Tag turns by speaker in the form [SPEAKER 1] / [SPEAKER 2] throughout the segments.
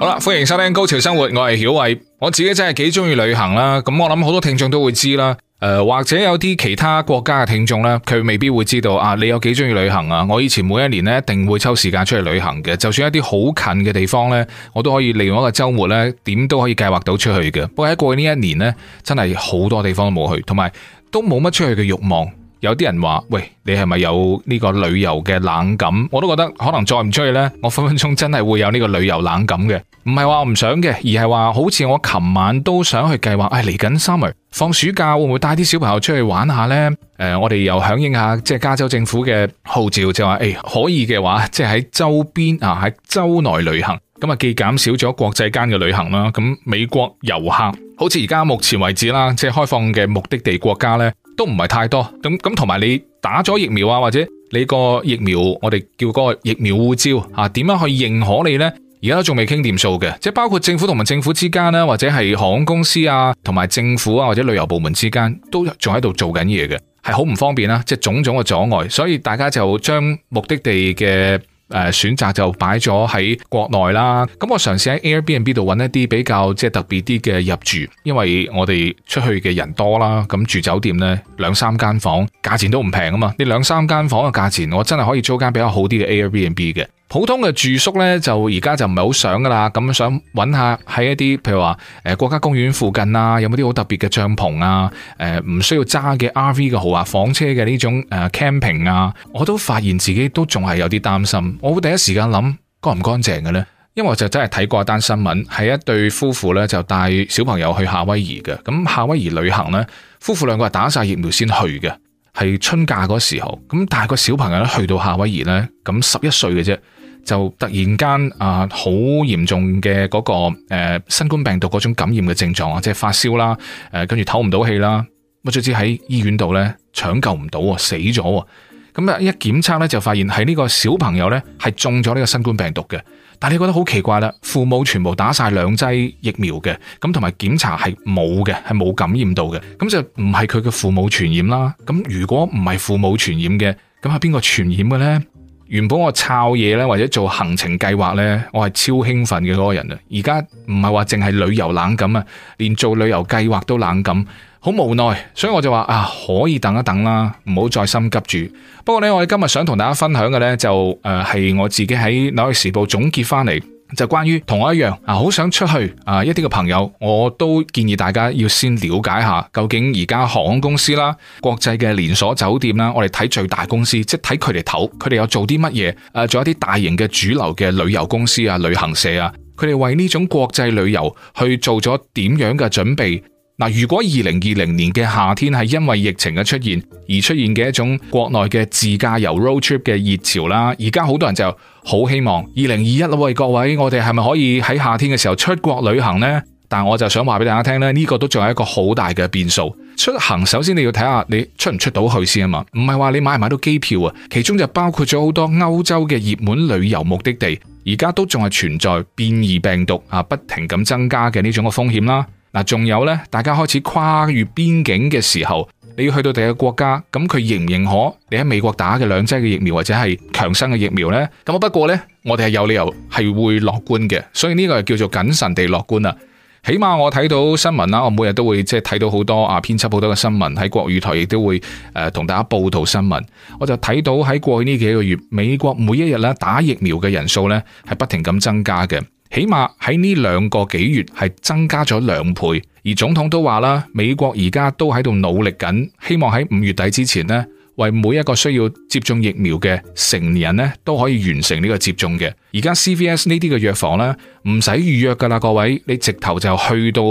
[SPEAKER 1] 好啦，歡迎收聽《高潮生活》，我係曉偉，我自己真係幾中意旅行啦。咁我諗好多聽眾都會知啦。誒、呃，或者有啲其他國家嘅聽眾咧，佢未必會知道啊。你有幾中意旅行啊？我以前每一年咧，一定會抽時間出去旅行嘅。就算一啲好近嘅地方咧，我都可以利用一個周末咧，點都可以計劃到出去嘅。不過喺過去呢一年咧，真係好多地方都冇去，同埋都冇乜出去嘅慾望。有啲人話：喂，你係咪有呢個旅遊嘅冷感？我都覺得可能再唔出去呢，我分分鐘真係會有呢個旅遊冷感嘅。唔係話唔想嘅，而係話好似我琴晚都想去計劃，誒，嚟緊三 u 放暑假會唔會帶啲小朋友出去玩下呢？誒、呃，我哋又響應下即係加州政府嘅號召，就話誒、哎、可以嘅話，即係喺周邊啊喺周內旅行，咁啊既減少咗國際間嘅旅行啦。咁美國遊客好似而家目前為止啦，即係開放嘅目的地國家呢，都唔係太多，咁咁同埋你打咗疫苗啊，或者你個疫苗，我哋叫嗰個疫苗護照啊，點樣去認可你呢？而家都仲未傾掂數嘅，即係包括政府同埋政府之間咧，或者係航空公司啊，同埋政府啊或者旅遊部門之間都仲喺度做緊嘢嘅，係好唔方便啦，即係種種嘅阻礙，所以大家就將目的地嘅。誒，選擇就擺咗喺國內啦。咁我嘗試喺 Airbnb 度揾一啲比較即係、就是、特別啲嘅入住，因為我哋出去嘅人多啦。咁住酒店咧，兩三間房價錢都唔平啊嘛。你兩三間房嘅價錢，我真係可以租間比較好啲嘅 Airbnb 嘅。普通嘅住宿呢，就而家就唔係好想噶啦。咁想揾下喺一啲，譬如話誒國家公園附近啊，有冇啲好特別嘅帳篷啊？誒、呃，唔需要揸嘅 RV 嘅豪華房車嘅呢種誒、呃、camping 啊？我都發現自己都仲係有啲擔心。我會第一時間諗，乾唔乾淨嘅呢？因為我就真係睇過一單新聞，係一對夫婦呢就帶小朋友去夏威夷嘅。咁夏威夷旅行呢，夫婦兩個係打晒疫苗先去嘅，係春假嗰時候。咁帶個小朋友咧去到夏威夷呢，咁十一歲嘅啫。就突然間啊，好嚴重嘅嗰、嗰個誒、呃、新冠病毒嗰種感染嘅症狀啊，即係發燒啦，誒跟住唞唔到氣啦，咁卒之喺醫院度咧搶救唔到啊，死咗啊！咁啊一檢測咧就發現喺呢個小朋友咧係中咗呢個新冠病毒嘅，但係你覺得好奇怪啦？父母全部打晒兩劑疫苗嘅，咁同埋檢查係冇嘅，係冇感染到嘅，咁就唔係佢嘅父母傳染啦。咁如果唔係父母傳染嘅，咁係邊個傳染嘅咧？原本我抄嘢咧，或者做行程計劃咧，我係超興奮嘅嗰個人啊！而家唔係話淨係旅遊冷感啊，連做旅遊計劃都冷感，好無奈，所以我就話啊，可以等一等啦，唔好再心急住。不過咧，我哋今日想同大家分享嘅咧、就是，就誒係我自己喺《紐約時報》總結翻嚟。就關於同我一樣啊，好想出去啊！一啲嘅朋友，我都建議大家要先了解下，究竟而家航空公司啦、國際嘅連鎖酒店啦，我哋睇最大公司，即睇佢哋頭，佢哋有做啲乜嘢？誒，做一啲大型嘅主流嘅旅遊公司啊、旅行社啊，佢哋為呢種國際旅遊去做咗點樣嘅準備？嗱，如果二零二零年嘅夏天係因為疫情嘅出現而出現嘅一種國內嘅自駕遊 road trip 嘅熱潮啦，而家好多人就。好希望二零二一喂，2021，各位，我哋係咪可以喺夏天嘅時候出國旅行呢？但我就想話俾大家聽咧，呢個都仲係一個好大嘅變數。出行首先你要睇下你出唔出到去先啊嘛，唔係話你買唔買到機票啊。其中就包括咗好多歐洲嘅熱門旅遊目的地，而家都仲係存在變異病毒啊，不停咁增加嘅呢種嘅風險啦。嗱，仲有咧，大家開始跨越邊境嘅時候，你要去到第二個國家，咁佢認唔認可你喺美國打嘅兩劑嘅疫苗或者係強生嘅疫苗呢？咁啊，不過呢，我哋係有理由係會樂觀嘅，所以呢個係叫做謹慎地樂觀啦。起碼我睇到新聞啦，我每日都會即係睇到好多啊，編輯好多嘅新聞喺國語台亦都會誒同大家報道新聞。我就睇到喺過去呢幾個月，美國每一日咧打疫苗嘅人數咧係不停咁增加嘅。起碼喺呢兩個幾月係增加咗兩倍，而總統都話啦，美國而家都喺度努力緊，希望喺五月底之前呢，為每一個需要接種疫苗嘅成年人呢，都可以完成呢個接種嘅。而家 CVS 呢啲嘅藥房呢，唔使預約噶啦，各位，你直頭就去到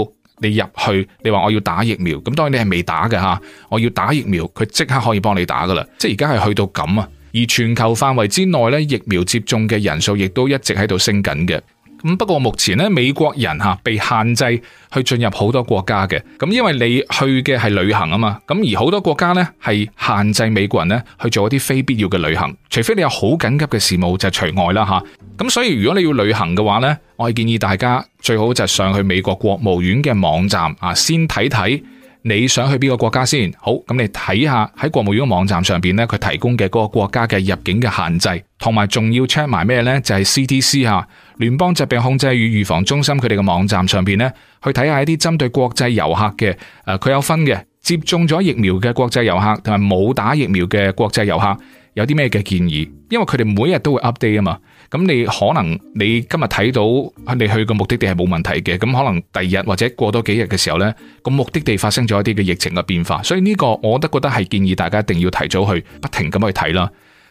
[SPEAKER 1] 你入去，你話我要打疫苗，咁當然你係未打嘅吓，我要打疫苗，佢即刻可以幫你打噶啦，即係而家係去到咁啊！而全球範圍之內呢，疫苗接種嘅人數亦都一直喺度升緊嘅。咁不過目前咧，美國人吓被限制去進入好多國家嘅，咁因為你去嘅係旅行啊嘛，咁而好多國家咧係限制美國人咧去做一啲非必要嘅旅行，除非你有好緊急嘅事務就除外啦吓。咁所以如果你要旅行嘅話咧，我建議大家最好就上去美國國務院嘅網站啊，先睇睇你想去邊個國家先。好，咁你睇下喺國務院嘅網站上邊咧，佢提供嘅嗰個國家嘅入境嘅限制，同埋仲要 check 埋咩咧？就係、是、CDC 吓。聯邦疾病控制與預防中心佢哋嘅網站上邊呢，去睇下一啲針對國際遊客嘅，誒、啊、佢有分嘅接種咗疫苗嘅國際遊客同埋冇打疫苗嘅國際遊客有啲咩嘅建議，因為佢哋每日都會 update 啊嘛，咁、嗯、你可能你今日睇到你去嘅目的地係冇問題嘅，咁、嗯、可能第二日或者過多幾日嘅時候呢，個目的地發生咗一啲嘅疫情嘅變化，所以呢個我都覺得係建議大家一定要提早去不停咁去睇啦。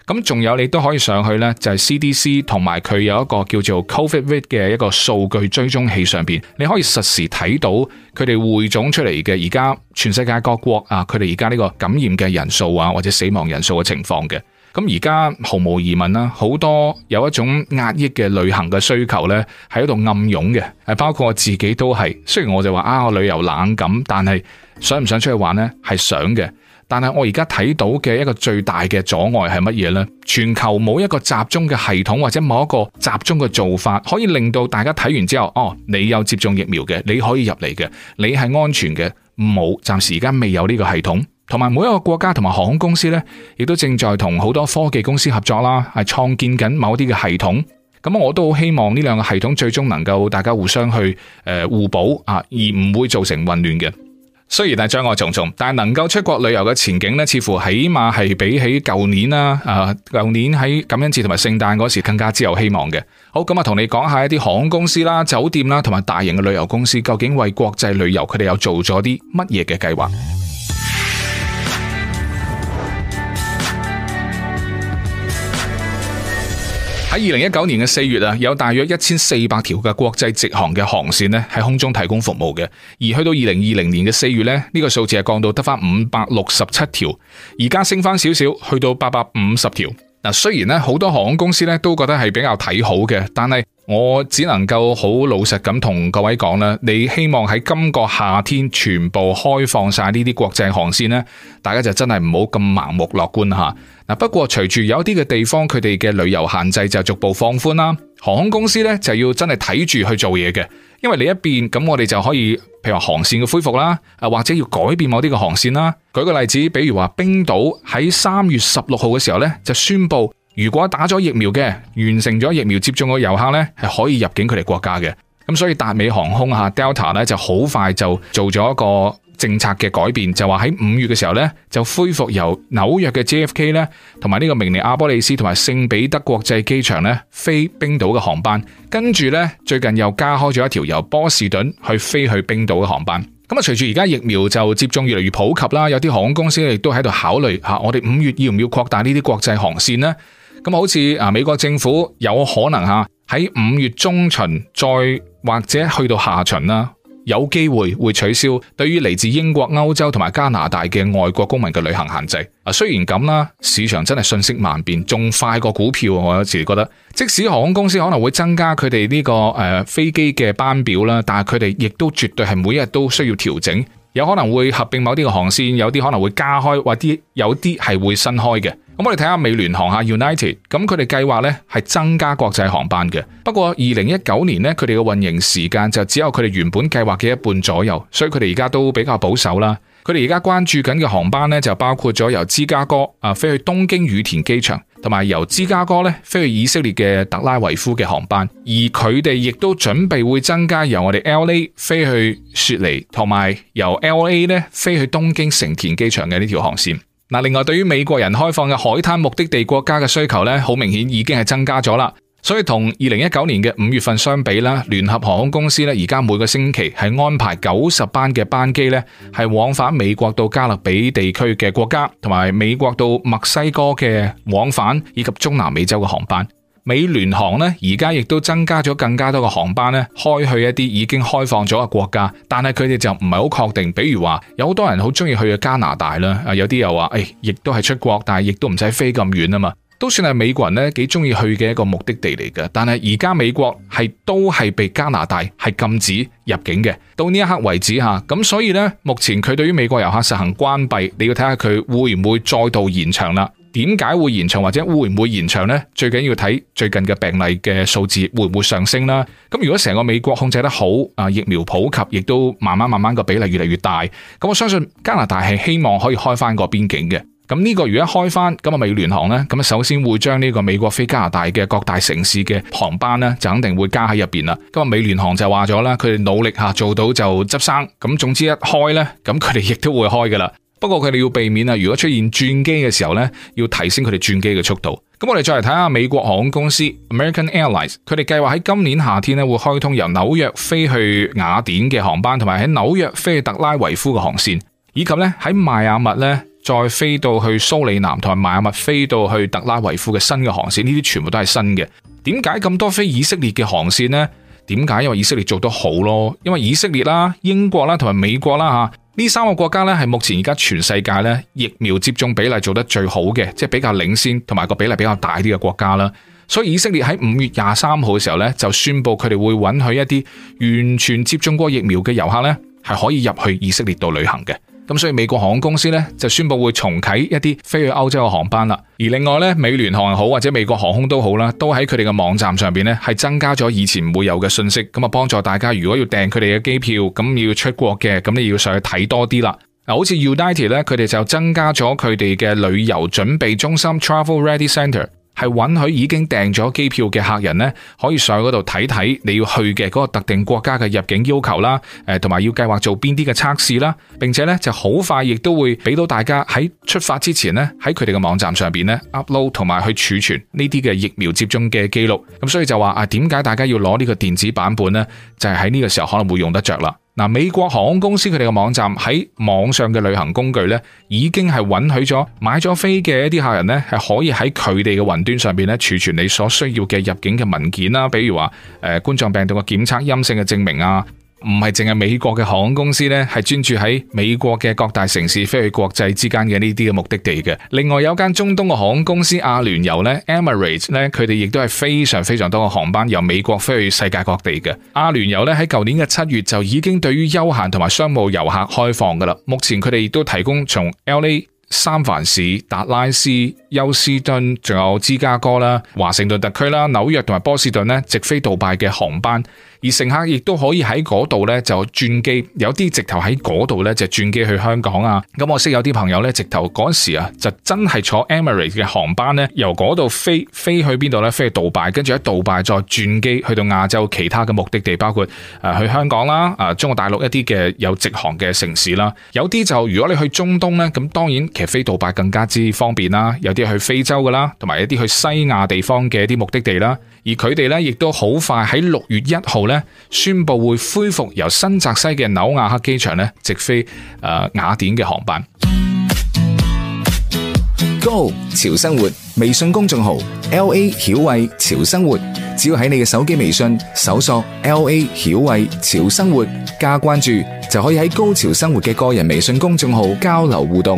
[SPEAKER 1] 咁仲有你都可以上去呢，就係 CDC 同埋佢有一個叫做 COVID i 嘅一個數據追蹤器上邊，你可以實時睇到佢哋匯總出嚟嘅而家全世界各國啊，佢哋而家呢個感染嘅人數啊，或者死亡人數嘅情況嘅。咁而家毫無疑問啦，好多有一種壓抑嘅旅行嘅需求呢，喺度暗湧嘅，係包括我自己都係。雖然我就話啊，我旅遊冷感，但係想唔想出去玩呢？係想嘅。但係我而家睇到嘅一個最大嘅阻礙係乜嘢呢？全球冇一個集中嘅系統或者冇一個集中嘅做法，可以令到大家睇完之後，哦，你有接種疫苗嘅，你可以入嚟嘅，你係安全嘅。冇，暫時而家未有呢個系統。同埋每一個國家同埋航空公司呢，亦都正在同好多科技公司合作啦，係創建緊某啲嘅系統。咁我都希望呢兩個系統最終能夠大家互相去、呃、互補啊，而唔會造成混亂嘅。雖然但係障礙重重，但係能夠出國旅遊嘅前景咧，似乎起碼係比起舊年啦，誒、呃，舊年喺感恩節同埋聖誕嗰時更加之有希望嘅。好，咁啊，同你講下一啲航空公司啦、酒店啦，同埋大型嘅旅遊公司，究竟為國際旅遊佢哋又做咗啲乜嘢嘅計劃？喺二零一九年嘅四月啊，有大約一千四百條嘅國際直航嘅航線咧，喺空中提供服務嘅。而去到二零二零年嘅四月咧，呢個數字係降到得翻，五百六十七條，而家升翻少少，去到八百五十條。嗱，雖然咧好多航空公司咧都覺得係比較睇好嘅，但係我只能夠好老實咁同各位講啦，你希望喺今個夏天全部開放晒呢啲國際航線咧，大家就真係唔好咁盲目樂觀吓。不過隨住有啲嘅地方，佢哋嘅旅遊限制就逐步放寬啦。航空公司咧就要真係睇住去做嘢嘅，因為你一變咁，我哋就可以，譬如話航線嘅恢復啦，啊，或者要改變某啲嘅航線啦。舉個例子，比如話冰島喺三月十六號嘅時候咧，就宣布如果打咗疫苗嘅、完成咗疫苗接種嘅遊客咧，係可以入境佢哋國家嘅。咁所以達美航空吓 Delta 咧就好快就做咗一個。政策嘅改變就話喺五月嘅時候呢，就恢復由紐約嘅 JFK 呢，同埋呢個明尼阿波利斯同埋聖彼得國際機場呢飛冰島嘅航班。跟住呢，最近又加開咗一條由波士頓去飛去冰島嘅航班。咁啊，隨住而家疫苗就接種越嚟越普及啦，有啲航空公司亦都喺度考慮吓，我哋五月要唔要擴大呢啲國際航線呢？咁好似啊，美國政府有可能吓喺五月中旬再或者去到下旬啦。有機會會取消對於嚟自英國、歐洲同埋加拿大嘅外國公民嘅旅行限制。啊，雖然咁啦，市場真係瞬息萬變，仲快過股票。我有時覺得，即使航空公司可能會增加佢哋呢個誒、呃、飛機嘅班表啦，但係佢哋亦都絕對係每日都需要調整，有可能會合併某啲嘅航線，有啲可能會加開，或啲有啲係會新開嘅。咁我哋睇下美聯航吓 United，咁佢哋計劃咧，係增加國際航班嘅。不過二零一九年呢，佢哋嘅運營時間就只有佢哋原本計劃嘅一半左右，所以佢哋而家都比較保守啦。佢哋而家關注緊嘅航班呢，就包括咗由芝加哥啊飛去東京羽田機場，同埋由芝加哥咧飛去以色列嘅特拉維夫嘅航班。而佢哋亦都準備會增加由我哋 LA 飛去雪梨，同埋由 LA 呢飛去東京成田機場嘅呢條航線。另外，對於美國人開放嘅海灘目的地國家嘅需求咧，好明顯已經係增加咗啦。所以同二零一九年嘅五月份相比啦，聯合航空公司咧而家每個星期係安排九十班嘅班機咧，係往返美國到加勒比地區嘅國家，同埋美國到墨西哥嘅往返以及中南美洲嘅航班。美聯航呢，而家亦都增加咗更加多嘅航班呢，開去一啲已經開放咗嘅國家，但係佢哋就唔係好確定。比如話，有好多人好中意去加拿大啦，啊，有啲又話，誒、哎，亦都係出國，但係亦都唔使飛咁遠啊嘛。都算係美國人咧幾中意去嘅一個目的地嚟嘅，但係而家美國係都係被加拿大係禁止入境嘅，到呢一刻為止吓，咁所以呢，目前佢對於美國遊客實行關閉，你要睇下佢會唔會再度延長啦？點解會延長或者會唔會延長呢？最緊要睇最近嘅病例嘅數字會唔會上升啦。咁如果成個美國控制得好啊，疫苗普及亦都慢慢慢慢個比例越嚟越大，咁我相信加拿大係希望可以開翻個邊境嘅。咁呢個如果一開翻，咁啊美聯航呢？咁啊首先會將呢個美國飛加拿大嘅各大城市嘅航班呢，就肯定會加喺入邊啦。咁啊美聯航就話咗啦，佢哋努力吓做到就執生。咁總之一開呢，咁佢哋亦都會開噶啦。不過佢哋要避免啊，如果出現轉機嘅時候呢，要提升佢哋轉機嘅速度。咁我哋再嚟睇下美國航空公司 American Airlines，佢哋計劃喺今年夏天呢會開通由紐約飛去雅典嘅航班，同埋喺紐約飛去特拉維夫嘅航線，以及呢喺邁阿密呢。再飛到去蘇里南同埋邁阿密，飛到去特拉維夫嘅新嘅航線，呢啲全部都係新嘅。點解咁多飛以色列嘅航線呢？點解？因為以色列做得好咯，因為以色列啦、英國啦同埋美國啦吓，呢三個國家呢，係目前而家全世界呢疫苗接種比例做得最好嘅，即係比較領先同埋個比例比較大啲嘅國家啦。所以以色列喺五月廿三號嘅時候呢，就宣布佢哋會允許一啲完全接種過疫苗嘅遊客呢，係可以入去以色列度旅行嘅。咁所以美國航空公司咧就宣布會重啟一啲飛去歐洲嘅航班啦。而另外咧，美聯航好或者美國航空都好啦，都喺佢哋嘅網站上邊咧係增加咗以前唔會有嘅信息，咁啊幫助大家如果要訂佢哋嘅機票咁要出國嘅，咁你要上去睇多啲啦。嗱，好似 United 咧，佢哋就增加咗佢哋嘅旅遊準備中心 Travel Ready Centre。係允許已經訂咗機票嘅客人呢，可以上去嗰度睇睇你要去嘅嗰個特定國家嘅入境要求啦，誒，同埋要計劃做邊啲嘅測試啦，並且呢就好快亦都會俾到大家喺出發之前呢，喺佢哋嘅網站上邊呢 upload 同埋去儲存呢啲嘅疫苗接種嘅記錄，咁所以就話啊，點解大家要攞呢個電子版本呢？就係喺呢個時候可能會用得着啦。嗱，美國航空公司佢哋嘅網站喺網上嘅旅行工具咧，已經係允許咗買咗飛嘅一啲客人咧，係可以喺佢哋嘅雲端上邊咧儲存你所需要嘅入境嘅文件啦，比如話誒冠狀病毒嘅檢測陰性嘅證明啊。唔係淨係美國嘅航空公司呢，係專注喺美國嘅各大城市飛去國際之間嘅呢啲嘅目的地嘅。另外有間中東嘅航空公司阿聯酋呢 Emirates 咧，佢哋亦都係非常非常多嘅航班由美國飛去世界各地嘅。阿聯酋呢，喺舊年嘅七月就已經對於休閒同埋商務遊客開放噶啦。目前佢哋亦都提供從 L.A.、三藩市、達拉斯、休斯敦，仲有芝加哥啦、華盛頓特區啦、紐約同埋波士頓呢直飛杜拜嘅航班。而乘客亦都可以喺嗰度呢就轉機，有啲直頭喺嗰度呢就轉機去香港啊！咁我識有啲朋友呢，直頭嗰時啊就真係坐 Emirates 嘅航班呢，由嗰度飛飛去邊度呢？飛去杜拜，跟住喺杜拜再轉機去到亞洲其他嘅目的地，包括誒去香港啦、啊中國大陸一啲嘅有直航嘅城市啦。有啲就如果你去中東呢，咁當然其實飛杜拜更加之方便啦。有啲去非洲㗎啦，同埋一啲去西亞地方嘅一啲目的地啦。而佢哋咧，亦都好快喺六月一號咧，宣布會恢復由新澤西嘅紐瓦克機場咧，直飛誒雅典嘅航班。高潮生活微信公眾號 L A 曉慧潮生活，只要喺你嘅手機微信搜索 L A 曉慧潮生活加關注，就可以喺高潮生活嘅個人微信公眾號交流互動。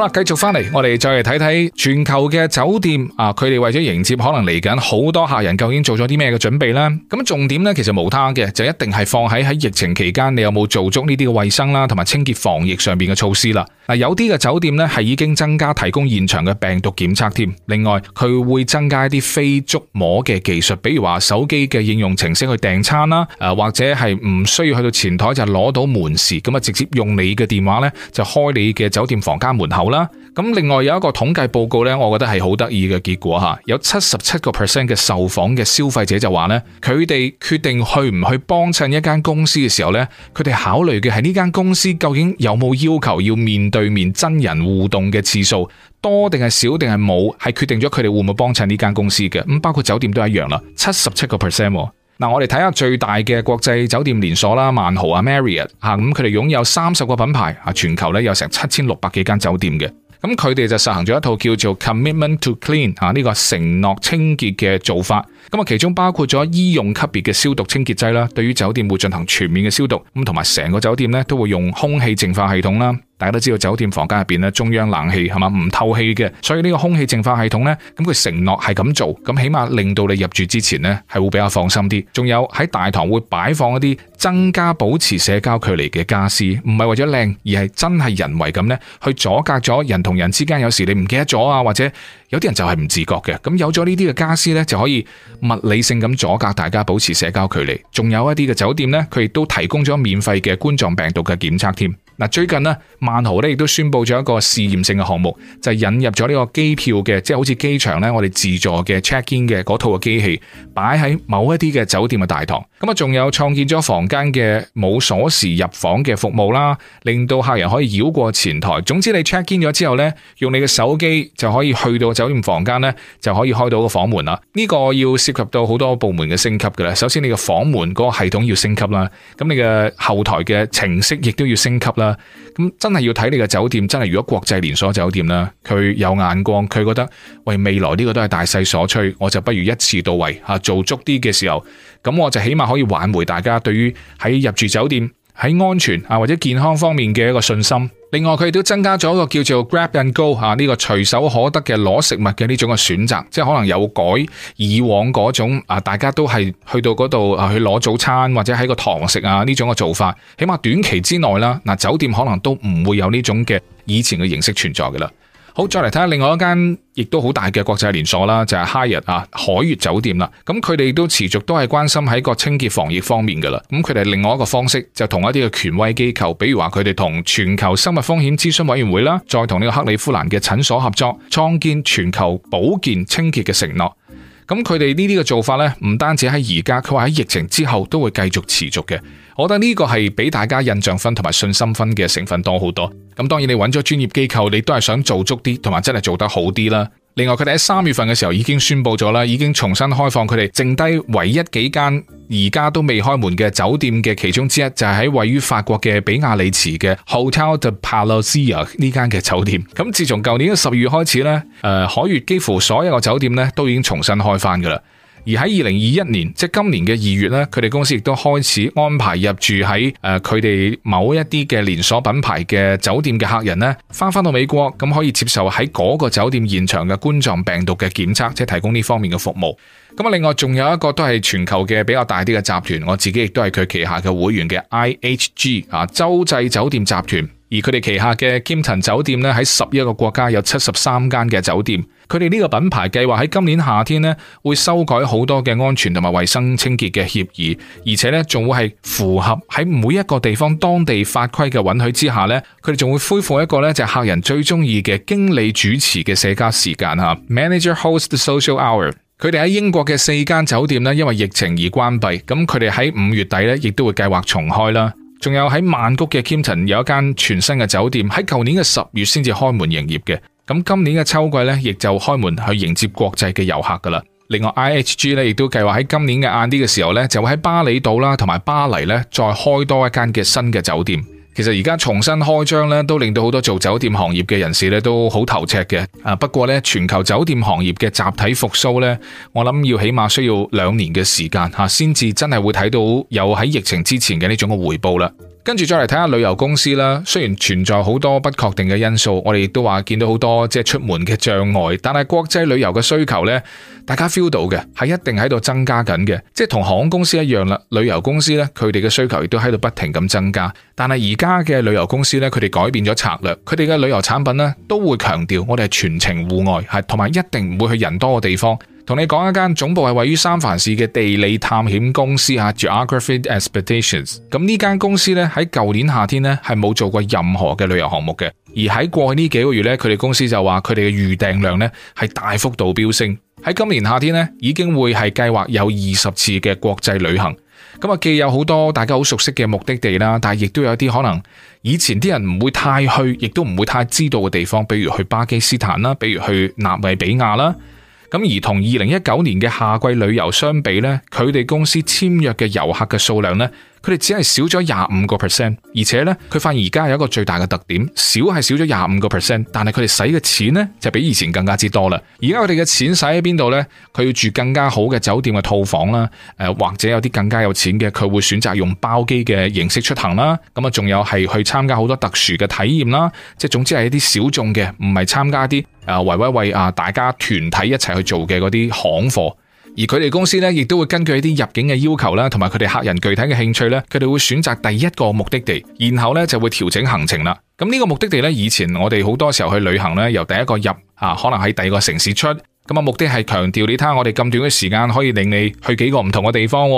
[SPEAKER 1] 好啦，繼續翻嚟，我哋再嚟睇睇全球嘅酒店啊，佢哋為咗迎接可能嚟緊好多客人，究竟做咗啲咩嘅準備呢？咁重點呢，其實無他嘅，就一定係放喺喺疫情期間，你有冇做足呢啲嘅衛生啦，同埋清潔防疫上面嘅措施啦。嗱，有啲嘅酒店呢，係已經增加提供現場嘅病毒檢測添。另外，佢會增加一啲非觸摸嘅技術，比如話手機嘅應用程式去訂餐啦，誒、啊、或者係唔需要去到前台就攞到門匙，咁啊直接用你嘅電話呢，就開你嘅酒店房間門口。啦，咁另外有一個統計報告咧，我覺得係好得意嘅結果吓，有七十七個 percent 嘅受訪嘅消費者就話咧，佢哋決定去唔去幫襯一間公司嘅時候咧，佢哋考慮嘅係呢間公司究竟有冇要求要面對面真人互動嘅次數多定係少定係冇，係決定咗佢哋會唔會幫襯呢間公司嘅，咁，包括酒店都一樣啦，七十七個 percent。嗱，我哋睇下最大嘅國際酒店連鎖啦，萬豪啊，Marriott 吓，咁佢哋擁有三十個品牌，吓，全球咧有成七千六百幾間酒店嘅，咁佢哋就實行咗一套叫做 Commitment to Clean 吓呢個承諾清潔嘅做法，咁啊其中包括咗醫用級別嘅消毒清潔劑啦，對於酒店會進行全面嘅消毒，咁同埋成個酒店咧都會用空氣淨化系統啦。大家都知道酒店房間入邊咧中央冷氣係咪唔透氣嘅？所以呢個空氣淨化系統呢，咁佢承諾係咁做，咁起碼令到你入住之前呢，係會比較放心啲。仲有喺大堂會擺放一啲增加保持社交距離嘅家私，唔係為咗靚，而係真係人為咁呢，去阻隔咗人同人之間。有時你唔記得咗啊，或者有啲人就係唔自覺嘅，咁有咗呢啲嘅家私呢，就可以物理性咁阻隔大家保持社交距離。仲有一啲嘅酒店呢，佢亦都提供咗免費嘅冠狀病毒嘅檢測添。嗱，最近咧，萬豪咧亦都宣布咗一個試驗性嘅項目，就係引入咗呢個機票嘅，即係好似機場咧，我哋自助嘅 check-in 嘅嗰套嘅機器擺喺某一啲嘅酒店嘅大堂。咁啊，仲有創建咗房間嘅冇鎖匙入房嘅服務啦，令到客人可以繞過前台。總之你 check-in 咗之後咧，用你嘅手機就可以去到酒店房間咧，就可以開到個房門啦。呢個要涉及到好多部門嘅升級嘅啦，首先你嘅房門個系統要升級啦，咁你嘅後台嘅程式亦都要升級啦。咁真係要睇你嘅酒店，真係如果國際連鎖酒店啦，佢有眼光，佢覺得喂，未來呢個都係大勢所趨，我就不如一次到位吓做足啲嘅時候，咁我就起碼可以挽回大家對於喺入住酒店喺安全啊或者健康方面嘅一個信心。另外佢哋都增加咗一個叫做 grab and go 嚇、啊、呢、這個隨手可得嘅攞食物嘅呢種嘅選擇，即係可能有改以往嗰種啊，大家都係去到嗰度啊去攞早餐或者喺個堂食啊呢種嘅做法，起碼短期之內啦，嗱、啊、酒店可能都唔會有呢種嘅以前嘅形式存在㗎啦。好，再嚟睇下另外一間亦都好大嘅國際連鎖啦，就係、是、Hyatt 啊，海悅酒店啦。咁佢哋都持續都係關心喺個清潔防疫方面噶啦。咁佢哋另外一個方式就同一啲嘅權威機構，比如話佢哋同全球生物風險諮詢委員會啦，再同呢個克里夫蘭嘅診所合作，創建全球保健清潔嘅承諾。咁佢哋呢啲嘅做法呢，唔單止喺而家，佢話喺疫情之後都會繼續持續嘅。我覺得呢個係俾大家印象分同埋信心分嘅成分多好多。咁當然你揾咗專業機構，你都係想做足啲同埋真係做得好啲啦。另外佢哋喺三月份嘅時候已經宣布咗啦，已經重新開放佢哋剩低唯一幾間而家都未開門嘅酒店嘅其中之一，就係、是、喺位於法國嘅比亞里池嘅 Hotel de p a l a z i o 呢間嘅酒店。咁自從舊年嘅十二月開始呢，誒、呃，海悅幾乎所有嘅酒店呢，都已經重新開翻噶啦。而喺二零二一年，即係今年嘅二月呢，佢哋公司亦都開始安排入住喺誒、佢哋某一啲嘅連鎖品牌嘅酒店嘅客人呢，返返到美國，咁可以接受喺嗰個酒店現場嘅冠狀病毒嘅檢測，即提供呢方面嘅服務。咁啊，另外仲有一個都係全球嘅比較大啲嘅集團，我自己亦都係佢旗下嘅會員嘅 IHG 啊，洲際酒店集團。而佢哋旗下嘅 Kimpton 酒店呢，喺十一個國家有七十三間嘅酒店。佢哋呢個品牌計劃喺今年夏天呢，會修改好多嘅安全同埋衛生清潔嘅協議，而且呢仲會係符合喺每一個地方當地法規嘅允許之下呢，佢哋仲會恢復一個呢就客人最中意嘅經理主持嘅社交時間吓，Manager Host Social Hour。佢哋喺英國嘅四間酒店呢，因為疫情而關閉，咁佢哋喺五月底呢亦都會計劃重開啦。仲有喺曼谷嘅 Kimpton 有一間全新嘅酒店，喺舊年嘅十月先至開門營業嘅，咁今年嘅秋季咧，亦就開門去迎接國際嘅遊客噶啦。另外 I H G 咧，亦都計劃喺今年嘅晏啲嘅時候咧，就會喺巴厘島啦同埋巴黎咧，再開多一間嘅新嘅酒店。其實而家重新開張咧，都令到好多做酒店行業嘅人士咧，都好頭赤嘅。啊，不過咧，全球酒店行業嘅集體復蘇咧，我諗要起碼需要兩年嘅時間吓，先至真係會睇到有喺疫情之前嘅呢種嘅回報啦。跟住再嚟睇下旅遊公司啦，雖然存在好多不確定嘅因素，我哋亦都話見到好多即係出門嘅障礙，但係國際旅遊嘅需求呢，大家 feel 到嘅係一定喺度增加緊嘅，即係同航空公司一樣啦。旅遊公司呢，佢哋嘅需求亦都喺度不停咁增加，但係而家嘅旅遊公司呢，佢哋改變咗策略，佢哋嘅旅遊產品呢，都會強調，我哋係全程戶外，係同埋一定唔會去人多嘅地方。同你講一間總部係位於三藩市嘅地理探險公司吓 Geographic Expeditions。咁呢間公司咧，喺舊年夏天咧係冇做過任何嘅旅遊項目嘅，而喺過去呢幾個月咧，佢哋公司就話佢哋嘅預訂量咧係大幅度飆升。喺今年夏天咧，已經會係計劃有二十次嘅國際旅行。咁啊，既有好多大家好熟悉嘅目的地啦，但係亦都有啲可能以前啲人唔會太去，亦都唔會太知道嘅地方，比如去巴基斯坦啦，比如去納米比亞啦。咁而同二零一九年嘅夏季旅遊相比咧，佢哋公司簽約嘅遊客嘅數量咧，佢哋只係少咗廿五個 percent，而且呢，佢發現而家有一個最大嘅特點，少係少咗廿五個 percent，但係佢哋使嘅錢呢，就比以前更加之多啦。而家佢哋嘅錢使喺邊度呢？佢要住更加好嘅酒店嘅套房啦，誒、啊、或者有啲更加有錢嘅，佢會選擇用包機嘅形式出行啦。咁啊，仲有係去參加好多特殊嘅體驗啦，即、啊、係總之係一啲小眾嘅，唔係參加啲誒圍圍圍啊為為大家團體一齊去做嘅嗰啲行貨。而佢哋公司咧，亦都會根據一啲入境嘅要求啦，同埋佢哋客人具體嘅興趣咧，佢哋會選擇第一個目的地，然後咧就會調整行程啦。咁呢個目的地咧，以前我哋好多時候去旅行咧，由第一個入啊，可能喺第二個城市出，咁啊目的係強調你睇下我哋咁短嘅時間可以令你去幾個唔同嘅地方，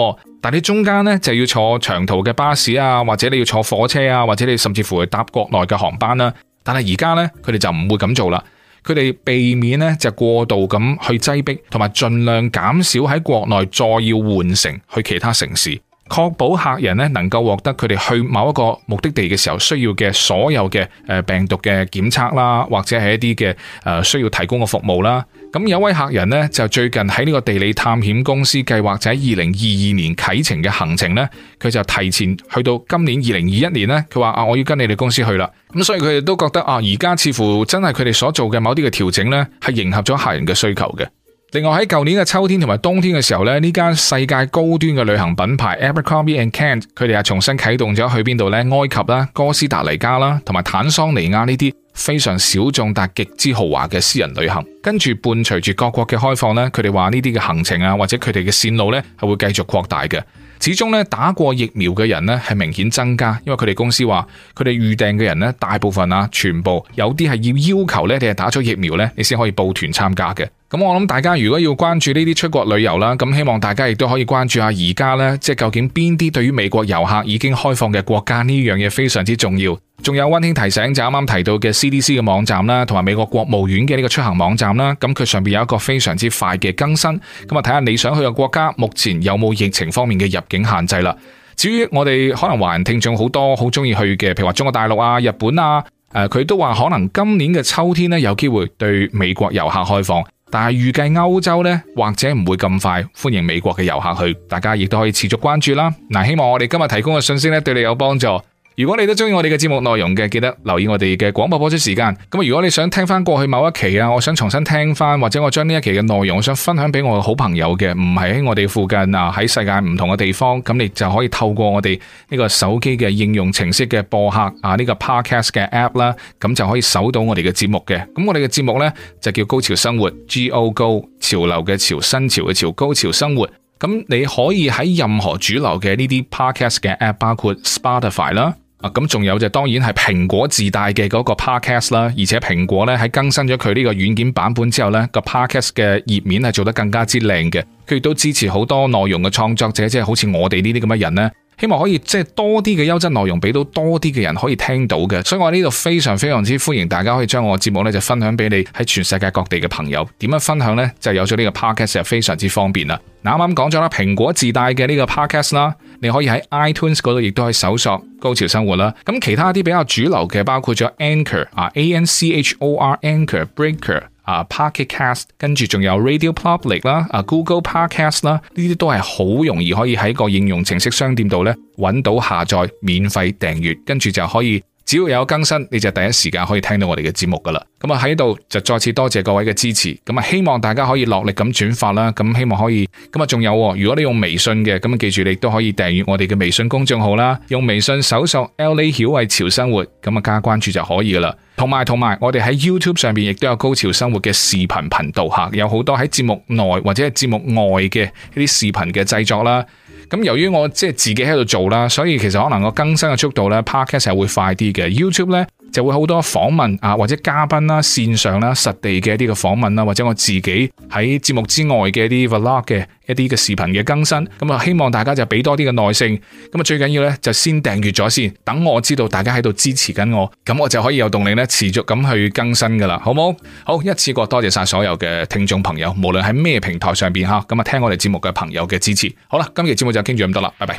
[SPEAKER 1] 但係你中間咧就要坐長途嘅巴士啊，或者你要坐火車啊，或者你甚至乎搭國內嘅航班啦。但係而家咧，佢哋就唔會咁做啦。佢哋避免呢，就過度咁去擠迫，同埋盡量減少喺國內再要換乘去其他城市。確保客人咧能夠獲得佢哋去某一個目的地嘅時候需要嘅所有嘅誒病毒嘅檢測啦，或者係一啲嘅誒需要提供嘅服務啦。咁有一位客人呢，就最近喺呢個地理探險公司計劃喺二零二二年啟程嘅行程呢，佢就提前去到今年二零二一年呢。佢話啊，我要跟你哋公司去啦。咁所以佢哋都覺得啊，而家似乎真係佢哋所做嘅某啲嘅調整呢，係迎合咗客人嘅需求嘅。另外喺舊年嘅秋天同埋冬天嘅時候咧，呢間世界高端嘅旅行品牌 Abercrombie and Kent 佢哋又重新啟動咗去邊度呢？埃及啦、哥斯達黎加啦、同埋坦桑尼亞呢啲非常小眾但係極之豪華嘅私人旅行。跟住伴隨住各國嘅開放呢，佢哋話呢啲嘅行程啊，或者佢哋嘅線路呢，係會繼續擴大嘅。始終呢，打過疫苗嘅人呢，係明顯增加，因為佢哋公司話佢哋預訂嘅人呢，大部分啊，全部有啲係要要求呢，你係打咗疫苗呢，你先可以報團參加嘅。咁我諗大家如果要關注呢啲出國旅遊啦，咁希望大家亦都可以關注下而家呢，即係究竟邊啲對於美國遊客已經開放嘅國家呢，樣嘢，非常之重要。仲有溫馨提醒，就啱啱提到嘅 CDC 嘅網站啦，同埋美國國務院嘅呢個出行網站啦，咁佢上邊有一個非常之快嘅更新。咁啊，睇下你想去嘅國家目前有冇疫情方面嘅入境限制啦。至於我哋可能華人聽眾好多好中意去嘅，譬如話中國大陸啊、日本啊，誒，佢都話可能今年嘅秋天呢，有機會對美國遊客開放。但係預計歐洲呢，或者唔會咁快歡迎美國嘅遊客去，大家亦都可以持續關注啦。嗱，希望我哋今日提供嘅信息呢，對你有幫助。如果你都中意我哋嘅節目內容嘅，記得留意我哋嘅廣播播出時間。咁如果你想聽翻過去某一期啊，我想重新聽翻，或者我將呢一期嘅內容我想分享俾我嘅好朋友嘅，唔係喺我哋附近啊，喺世界唔同嘅地方，咁你就可以透過我哋呢個手機嘅應用程式嘅播客啊，呢個 podcast 嘅 app 啦，咁就可以搜到我哋嘅節目嘅。咁我哋嘅節目呢，就叫高潮生活，G O Go 潮流嘅潮，新潮嘅潮，高潮生活。咁你可以喺任何主流嘅呢啲 podcast 嘅 app，包括 Spotify 啦。啊，咁仲有就當然係蘋果自帶嘅嗰個 Podcast 啦，而且蘋果咧喺更新咗佢呢個軟件版本之後咧，個 Podcast 嘅頁面係做得更加之靚嘅，佢亦都支持好多內容嘅創作者，即係好似我哋呢啲咁嘅人咧。希望可以即係多啲嘅優質內容俾到多啲嘅人可以聽到嘅，所以我呢度非常非常之歡迎大家可以將我嘅節目咧就分享俾你喺全世界各地嘅朋友。點樣分享呢？就係有咗呢個 Podcast 就非常之方便啦。啱啱講咗啦，蘋果自帶嘅呢個 Podcast 啦，你可以喺 iTunes 嗰度亦都可以搜索《高潮生活》啦。咁其他啲比較主流嘅包括咗 Anchor 啊，A-N-C-H-O-R Anchor Breaker。N C H o R, Anch or, Bre aker, 啊，Pocket Cast，跟住仲有 Radio Public 啦，啊 Google Podcast 啦，呢啲都係好容易可以喺個應用程式商店度呢揾到下載，免費訂閱，跟住就可以，只要有更新你就第一時間可以聽到我哋嘅節目噶啦。咁啊喺度就再次多謝各位嘅支持，咁啊希望大家可以落力咁轉發啦，咁希望可以，咁啊仲有，如果你用微信嘅，咁啊記住你都可以訂閱我哋嘅微信公眾號啦，用微信搜索 LA 曉慧潮生活，咁啊加關注就可以噶啦。同埋同埋，我哋喺 YouTube 上面亦都有高潮生活嘅視頻頻道吓，有好多喺節目內或者係節目外嘅一啲視頻嘅製作啦。咁由於我即係自己喺度做啦，所以其實可能我更新嘅速度咧，Podcast 係會快啲嘅。YouTube 咧，就會好多訪問啊，或者嘉賓啦、線上啦、實地嘅一啲嘅訪問啦，或者我自己喺節目之外嘅一啲 Vlog 嘅一啲嘅視頻嘅更新。咁啊，希望大家就俾多啲嘅耐性。咁啊，最緊要呢，就先訂閱咗先，等我知道大家喺度支持緊我，咁我就可以有動力呢持續咁去更新噶啦，好冇？好，一次過多謝晒所有嘅聽眾朋友，無論喺咩平台上邊吓，咁啊聽我哋節目嘅朋友嘅支持。好啦，今期節目就傾住咁多啦，拜拜。